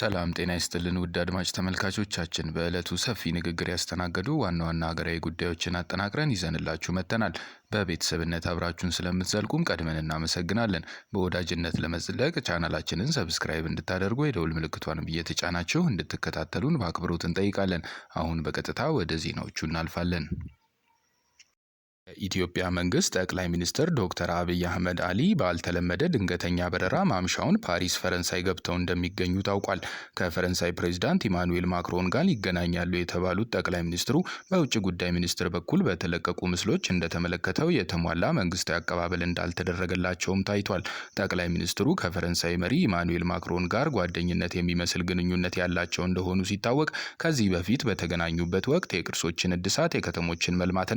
ሰላም ጤና ይስጥልን ውድ አድማጭ ተመልካቾቻችን፣ በዕለቱ ሰፊ ንግግር ያስተናገዱ ዋና ዋና ሀገራዊ ጉዳዮችን አጠናቅረን ይዘንላችሁ መጥተናል። በቤተሰብነት አብራችሁን ስለምትዘልቁም ቀድመን እናመሰግናለን። በወዳጅነት ለመዝለቅ ቻናላችንን ሰብስክራይብ እንድታደርጉ የደውል ምልክቷን እየተጫናችሁ እንድትከታተሉን በአክብሮት እንጠይቃለን። አሁን በቀጥታ ወደ ዜናዎቹ እናልፋለን። የኢትዮጵያ መንግስት ጠቅላይ ሚኒስትር ዶክተር አብይ አህመድ አሊ ባልተለመደ ድንገተኛ በረራ ማምሻውን ፓሪስ ፈረንሳይ ገብተው እንደሚገኙ ታውቋል። ከፈረንሳይ ፕሬዚዳንት ኢማኑኤል ማክሮን ጋር ይገናኛሉ የተባሉት ጠቅላይ ሚኒስትሩ በውጭ ጉዳይ ሚኒስትር በኩል በተለቀቁ ምስሎች እንደተመለከተው የተሟላ መንግስታዊ አቀባበል እንዳልተደረገላቸውም ታይቷል። ጠቅላይ ሚኒስትሩ ከፈረንሳይ መሪ ኢማኑኤል ማክሮን ጋር ጓደኝነት የሚመስል ግንኙነት ያላቸው እንደሆኑ ሲታወቅ ከዚህ በፊት በተገናኙበት ወቅት የቅርሶችን እድሳት፣ የከተሞችን መልማትና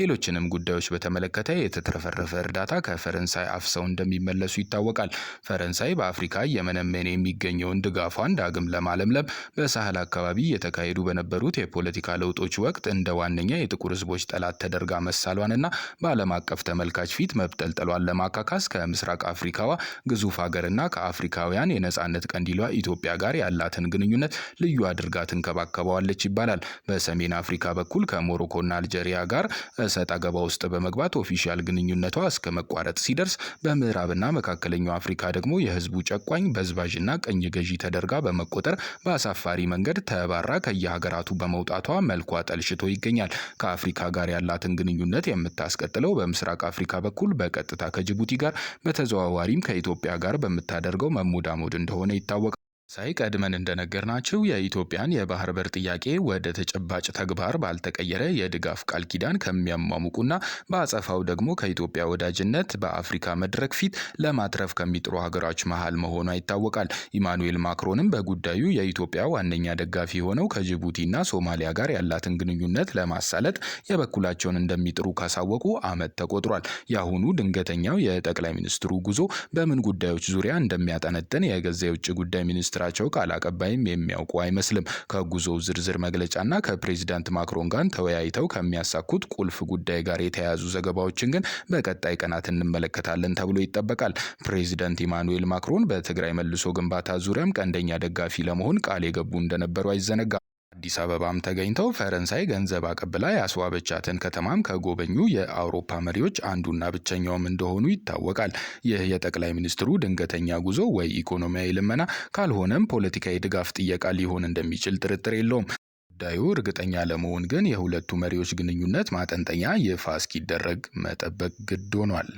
ሌሎችንም ጉዳዮች በተመለከተ የተትረፈረፈ እርዳታ ከፈረንሳይ አፍሰው እንደሚመለሱ ይታወቃል። ፈረንሳይ በአፍሪካ የመነመኔ የሚገኘውን ድጋፏን ዳግም ለማለምለም በሳህል አካባቢ የተካሄዱ በነበሩት የፖለቲካ ለውጦች ወቅት እንደ ዋነኛ የጥቁር ህዝቦች ጠላት ተደርጋ መሳሏንና በዓለም አቀፍ ተመልካች ፊት መብጠልጠሏን ለማካካስ ከምስራቅ አፍሪካዋ ግዙፍ ሀገርና ከአፍሪካውያን የነጻነት ቀንዲሏ ኢትዮጵያ ጋር ያላትን ግንኙነት ልዩ አድርጋ ትንከባከበዋለች ይባላል። በሰሜን አፍሪካ በኩል ከሞሮኮና አልጄሪያ ጋር እሰጥ አገባው ውስጥ በመግባት ኦፊሻል ግንኙነቷ እስከ መቋረጥ ሲደርስ፣ በምዕራብና መካከለኛው አፍሪካ ደግሞ የህዝቡ ጨቋኝ በዝባዥና ቀኝ ገዢ ተደርጋ በመቆጠር በአሳፋሪ መንገድ ተባራ ከየሀገራቱ በመውጣቷ መልኳ ጠልሽቶ ይገኛል። ከአፍሪካ ጋር ያላትን ግንኙነት የምታስቀጥለው በምስራቅ አፍሪካ በኩል በቀጥታ ከጅቡቲ ጋር በተዘዋዋሪም ከኢትዮጵያ ጋር በምታደርገው መሞዳሞድ እንደሆነ ይታወቃል። ሳይ ቀድመን እንደነገርናችሁ የኢትዮጵያን የባህር በር ጥያቄ ወደ ተጨባጭ ተግባር ባልተቀየረ የድጋፍ ቃል ኪዳን ከሚያሟሙቁና በአጸፋው ደግሞ ከኢትዮጵያ ወዳጅነት በአፍሪካ መድረክ ፊት ለማትረፍ ከሚጥሩ ሀገሮች መሃል መሆኗ ይታወቃል። ኢማኑኤል ማክሮንም በጉዳዩ የኢትዮጵያ ዋነኛ ደጋፊ ሆነው ከጅቡቲና ሶማሊያ ጋር ያላትን ግንኙነት ለማሳለጥ የበኩላቸውን እንደሚጥሩ ካሳወቁ ዓመት ተቆጥሯል። የአሁኑ ድንገተኛው የጠቅላይ ሚኒስትሩ ጉዞ በምን ጉዳዮች ዙሪያ እንደሚያጠነጥን የገዛ የውጭ ጉዳይ ሚኒስትር ሚኒስትራቸው ቃል አቀባይም የሚያውቁ አይመስልም። ከጉዞው ዝርዝር መግለጫና ከፕሬዚዳንት ማክሮን ጋር ተወያይተው ከሚያሳኩት ቁልፍ ጉዳይ ጋር የተያያዙ ዘገባዎችን ግን በቀጣይ ቀናት እንመለከታለን ተብሎ ይጠበቃል። ፕሬዚዳንት ኢማኑኤል ማክሮን በትግራይ መልሶ ግንባታ ዙሪያም ቀንደኛ ደጋፊ ለመሆን ቃል የገቡ እንደነበሩ አይዘነጋም። አዲስ አበባም ተገኝተው ፈረንሳይ ገንዘብ አቀብላ ያስዋበቻትን ከተማም ከጎበኙ የአውሮፓ መሪዎች አንዱና ብቸኛውም እንደሆኑ ይታወቃል። ይህ የጠቅላይ ሚኒስትሩ ድንገተኛ ጉዞ ወይ ኢኮኖሚያዊ ልመና ካልሆነም ፖለቲካዊ ድጋፍ ጥየቃ ሊሆን እንደሚችል ጥርጥር የለውም። ጉዳዩ እርግጠኛ ለመሆን ግን የሁለቱ መሪዎች ግንኙነት ማጠንጠኛ ይፋ እስኪደረግ መጠበቅ ግድ ሆኗል።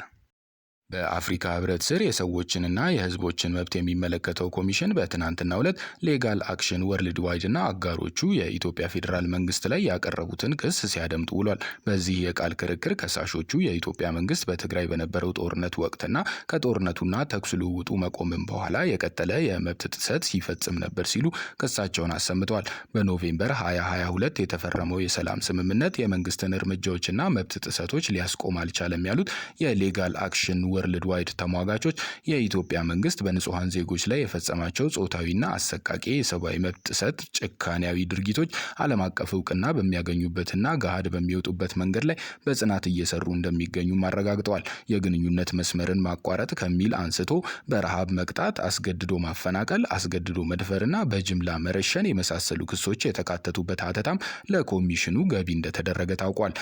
በአፍሪካ ህብረት ስር የሰዎችንና የህዝቦችን መብት የሚመለከተው ኮሚሽን በትናንትናው ዕለት ሌጋል አክሽን ወርልድ ዋይድ እና አጋሮቹ የኢትዮጵያ ፌዴራል መንግስት ላይ ያቀረቡትን ክስ ሲያደምጥ ውሏል። በዚህ የቃል ክርክር ከሳሾቹ የኢትዮጵያ መንግስት በትግራይ በነበረው ጦርነት ወቅትና ከጦርነቱና ተኩስ ልውውጡ መቆምም በኋላ የቀጠለ የመብት ጥሰት ሲፈጽም ነበር ሲሉ ክሳቸውን አሰምተዋል። በኖቬምበር 2022 የተፈረመው የሰላም ስምምነት የመንግስትን እርምጃዎችና መብት ጥሰቶች ሊያስቆም አልቻለም ያሉት የሌጋል አክሽን ወርልድ ዋይድ ተሟጋቾች የኢትዮጵያ መንግስት በንጹሐን ዜጎች ላይ የፈጸማቸው ጾታዊና አሰቃቂ የሰብአዊ መብት ጥሰት ጭካኔያዊ ድርጊቶች ዓለም አቀፍ እውቅና በሚያገኙበትና ገሃድ በሚወጡበት መንገድ ላይ በጽናት እየሰሩ እንደሚገኙ አረጋግጠዋል። የግንኙነት መስመርን ማቋረጥ ከሚል አንስቶ በረሃብ መቅጣት፣ አስገድዶ ማፈናቀል፣ አስገድዶ መድፈርና በጅምላ መረሸን የመሳሰሉ ክሶች የተካተቱበት አተታም ለኮሚሽኑ ገቢ እንደተደረገ ታውቋል።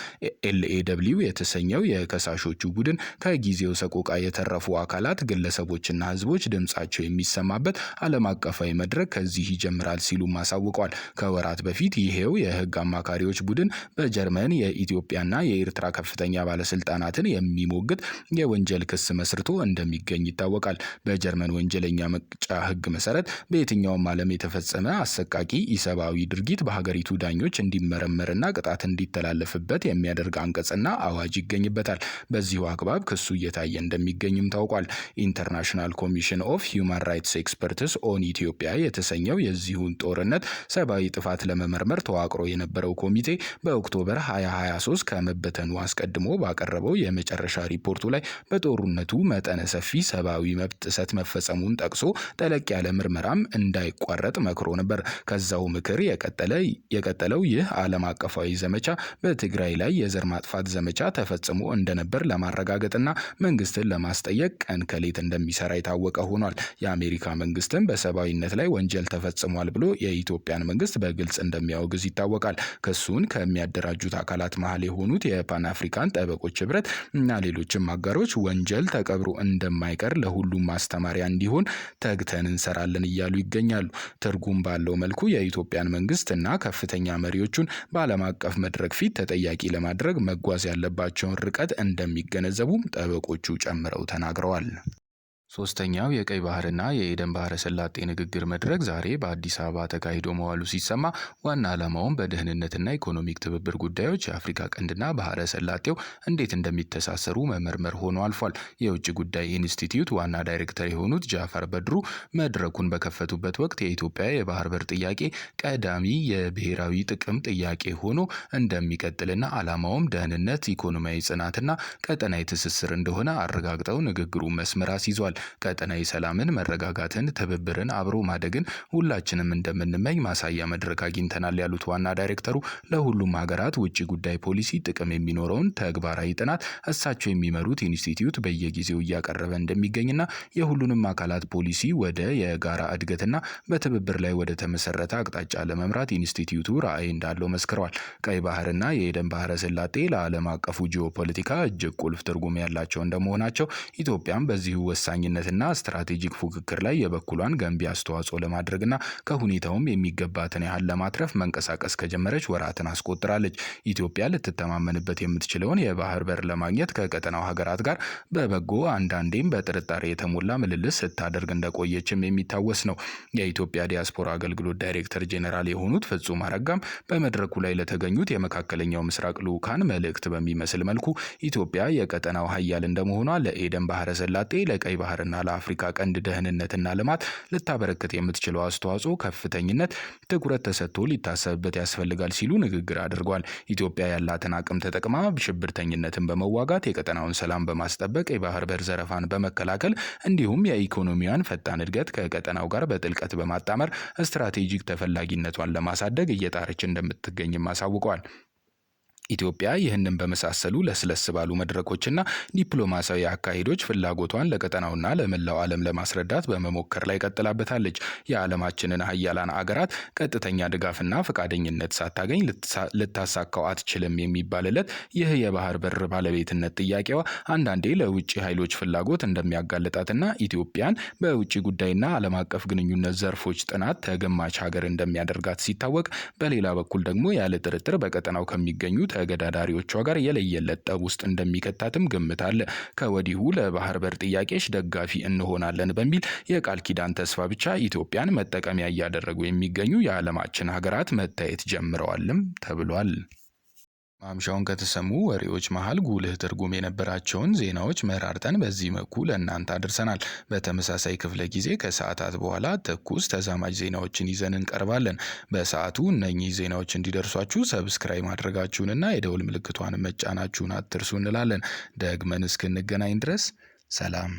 ኤልኤ የተሰኘው የከሳሾቹ ቡድን ከጊዜው ሰቆ ሰቆቃ የተረፉ አካላት፣ ግለሰቦችና ህዝቦች ድምጻቸው የሚሰማበት ዓለም አቀፋዊ መድረክ ከዚህ ይጀምራል ሲሉም አሳውቀዋል። ከወራት በፊት ይሄው የህግ አማካሪዎች ቡድን በጀርመን የኢትዮጵያና የኤርትራ ከፍተኛ ባለስልጣናትን የሚሞግት የወንጀል ክስ መስርቶ እንደሚገኝ ይታወቃል። በጀርመን ወንጀለኛ መቅጫ ህግ መሰረት በየትኛውም ዓለም የተፈጸመ አሰቃቂ ኢሰብአዊ ድርጊት በሀገሪቱ ዳኞች እንዲመረመርና ቅጣት እንዲተላለፍበት የሚያደርግ አንቀጽና አዋጅ ይገኝበታል። በዚሁ አግባብ ክሱ እየታየ እንደ እንደሚገኝም ታውቋል። ኢንተርናሽናል ኮሚሽን ኦፍ ሂውማን ራይትስ ኤክስፐርትስ ኦን ኢትዮጵያ የተሰኘው የዚሁን ጦርነት ሰብአዊ ጥፋት ለመመርመር ተዋቅሮ የነበረው ኮሚቴ በኦክቶበር 2023 ከመበተኑ አስቀድሞ ባቀረበው የመጨረሻ ሪፖርቱ ላይ በጦርነቱ መጠነ ሰፊ ሰብአዊ መብት ጥሰት መፈጸሙን ጠቅሶ ጠለቅ ያለ ምርመራም እንዳይቋረጥ መክሮ ነበር። ከዛው ምክር የቀጠለው ይህ ዓለም አቀፋዊ ዘመቻ በትግራይ ላይ የዘር ማጥፋት ዘመቻ ተፈጽሞ እንደነበር ለማረጋገጥና መንግስት መንግስትን ለማስጠየቅ ቀን ከሌት እንደሚሰራ የታወቀ ሆኗል። የአሜሪካ መንግስትም በሰብአዊነት ላይ ወንጀል ተፈጽሟል ብሎ የኢትዮጵያን መንግስት በግልጽ እንደሚያወግዝ ይታወቃል። ክሱን ከሚያደራጁት አካላት መሀል የሆኑት የፓን አፍሪካን ጠበቆች ህብረት እና ሌሎችም አጋሮች ወንጀል ተቀብሮ እንደማይቀር ለሁሉም ማስተማሪያ እንዲሆን ተግተን እንሰራለን እያሉ ይገኛሉ። ትርጉም ባለው መልኩ የኢትዮጵያን መንግስት እና ከፍተኛ መሪዎቹን በዓለም አቀፍ መድረክ ፊት ተጠያቂ ለማድረግ መጓዝ ያለባቸውን ርቀት እንደሚገነዘቡ ጠበቆቹ ጨምረው ተናግረዋል ሶስተኛው የቀይ ባህርና የኤደን ባህረ ሰላጤ ንግግር መድረክ ዛሬ በአዲስ አበባ ተካሂዶ መዋሉ ሲሰማ ዋና ዓላማውም በደህንነትና ኢኮኖሚክ ትብብር ጉዳዮች የአፍሪካ ቀንድና ባህረ ሰላጤው እንዴት እንደሚተሳሰሩ መመርመር ሆኖ አልፏል። የውጭ ጉዳይ ኢንስቲትዩት ዋና ዳይሬክተር የሆኑት ጃፈር በድሩ መድረኩን በከፈቱበት ወቅት የኢትዮጵያ የባህር በር ጥያቄ ቀዳሚ የብሔራዊ ጥቅም ጥያቄ ሆኖ እንደሚቀጥልና ዓላማውም ደህንነት፣ ኢኮኖሚያዊ ጽናትና ቀጠናዊ ትስስር እንደሆነ አረጋግጠው ንግግሩ መስመር አስይዟል። ቀጠናዊ ሰላምን፣ መረጋጋትን፣ ትብብርን፣ አብሮ ማደግን ሁላችንም እንደምንመኝ ማሳያ መድረክ አግኝተናል ያሉት ዋና ዳይሬክተሩ ለሁሉም ሀገራት ውጭ ጉዳይ ፖሊሲ ጥቅም የሚኖረውን ተግባራዊ ጥናት እሳቸው የሚመሩት ኢንስቲትዩት በየጊዜው እያቀረበ እንደሚገኝና የሁሉንም አካላት ፖሊሲ ወደ የጋራ እድገትና በትብብር ላይ ወደ ተመሰረተ አቅጣጫ ለመምራት ኢንስቲትዩቱ ራዕይ እንዳለው መስክረዋል። ቀይ ባህርና የኤደን ባህረ ስላጤ ለዓለም አቀፉ ጂኦፖለቲካ እጅግ ቁልፍ ትርጉም ያላቸው እንደመሆናቸው ኢትዮጵያም በዚሁ ወሳኝ ግንኙነትና ስትራቴጂክ ፉክክር ላይ የበኩሏን ገንቢ አስተዋጽኦ ለማድረግና ከሁኔታውም የሚገባትን ያህል ለማትረፍ መንቀሳቀስ ከጀመረች ወራትን አስቆጥራለች። ኢትዮጵያ ልትተማመንበት የምትችለውን የባህር በር ለማግኘት ከቀጠናው ሀገራት ጋር በበጎ አንዳንዴም በጥርጣሬ የተሞላ ምልልስ ስታደርግ እንደቆየችም የሚታወስ ነው። የኢትዮጵያ ዲያስፖራ አገልግሎት ዳይሬክተር ጄኔራል የሆኑት ፍጹም አረጋም በመድረኩ ላይ ለተገኙት የመካከለኛው ምስራቅ ልዑካን መልእክት በሚመስል መልኩ ኢትዮጵያ የቀጠናው ሀያል እንደመሆኗ ለኤደን ባህረ ሰላጤ፣ ለቀይ ባህረ ምህዳርና ለአፍሪካ ቀንድ ደህንነትና ልማት ልታበረክት የምትችለው አስተዋጽኦ ከፍተኝነት ትኩረት ተሰጥቶ ሊታሰብበት ያስፈልጋል ሲሉ ንግግር አድርጓል። ኢትዮጵያ ያላትን አቅም ተጠቅማ ሽብርተኝነትን በመዋጋት የቀጠናውን ሰላም በማስጠበቅ የባህር በር ዘረፋን በመከላከል እንዲሁም የኢኮኖሚዋን ፈጣን እድገት ከቀጠናው ጋር በጥልቀት በማጣመር ስትራቴጂክ ተፈላጊነቷን ለማሳደግ እየጣረች እንደምትገኝም አሳውቀዋል። ኢትዮጵያ ይህንን በመሳሰሉ ለስለስ ባሉ መድረኮችና ዲፕሎማሲያዊ አካሄዶች ፍላጎቷን ለቀጠናውና ለመላው ዓለም ለማስረዳት በመሞከር ላይ ቀጥላበታለች። የዓለማችንን ሀያላን አገራት ቀጥተኛ ድጋፍና ፈቃደኝነት ሳታገኝ ልታሳካው አትችልም የሚባልለት ይህ የባህር በር ባለቤትነት ጥያቄዋ አንዳንዴ ለውጭ ኃይሎች ፍላጎት እንደሚያጋልጣትና ኢትዮጵያን በውጭ ጉዳይና ዓለም አቀፍ ግንኙነት ዘርፎች ጥናት ተገማች ሀገር እንደሚያደርጋት ሲታወቅ፣ በሌላ በኩል ደግሞ ያለ ጥርጥር በቀጠናው ከሚገኙ ተገዳዳሪዎቿ ጋር የለየለት ጠብ ውስጥ እንደሚከታትም ግምት አለ። ከወዲሁ ለባህር በር ጥያቄዎች ደጋፊ እንሆናለን በሚል የቃል ኪዳን ተስፋ ብቻ ኢትዮጵያን መጠቀሚያ እያደረጉ የሚገኙ የዓለማችን ሀገራት መታየት ጀምረዋልም ተብሏል። ማምሻውን ከተሰሙ ወሬዎች መሃል ጉልህ ትርጉም የነበራቸውን ዜናዎች መራርጠን በዚህ መልኩ ለእናንተ አድርሰናል። በተመሳሳይ ክፍለ ጊዜ ከሰዓታት በኋላ ትኩስ ተዛማጅ ዜናዎችን ይዘን እንቀርባለን። በሰዓቱ እነኚህ ዜናዎች እንዲደርሷችሁ ሰብስክራይብ ማድረጋችሁንና የደውል ምልክቷን መጫናችሁን አትርሱ እንላለን። ደግመን እስክንገናኝ ድረስ ሰላም።